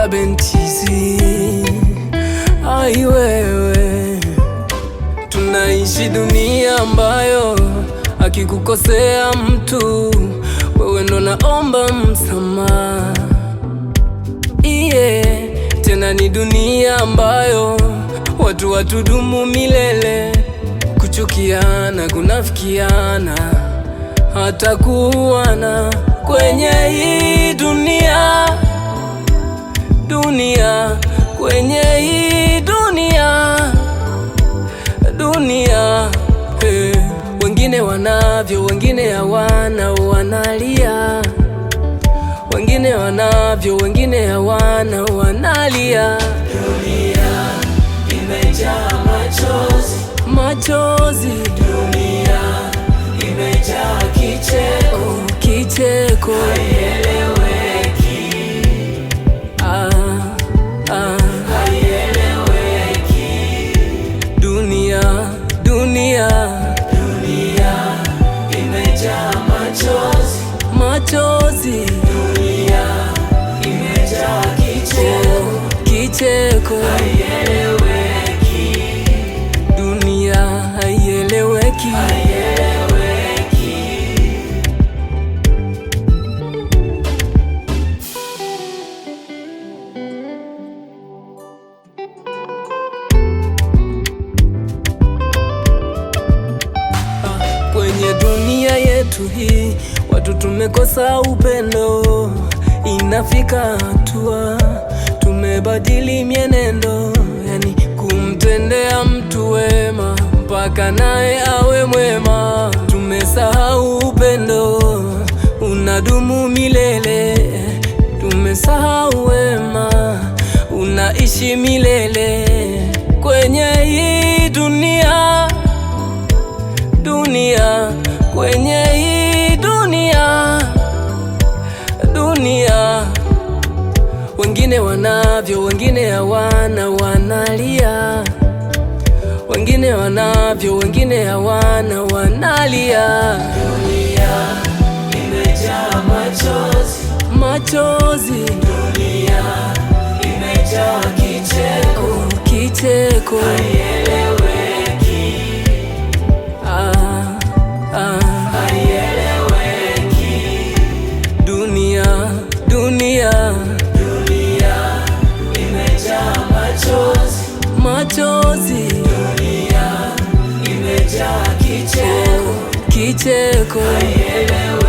ya bentizi. Ai wewe, tunaishi dunia ambayo akikukosea mtu wewe ndo naomba msamaha iye, tena ni dunia ambayo watu watudumu milele kuchukiana, kunafikiana, hata kuwana kwenye hii dunia dunia, kwenye hii dunia, dunia hey. Eh. Wengine wanavyo, wengine hawana, wanalia. Wengine wanavyo, wengine hawana, wanalia. Dunia imejaa machozi, machozi. machozi, dunia imejaa kicheko, kicheko haieleweki, dunia haieleweki, haieleweki. Ah, kwenye dunia yetu hii Watu tumekosa upendo, inafika hatua tumebadili mienendo, yani kumtendea mtu wema mpaka naye awe mwema. Tumesahau upendo unadumu milele, tumesahau wema unaishi milele. Wengine wanavyo, wengine hawana, wanalia. Wengine wanavyo, wengine hawana, wanalia. Dunia imejaa machozi, machozi. Dunia imejaa kicheko, kicheko. nicheko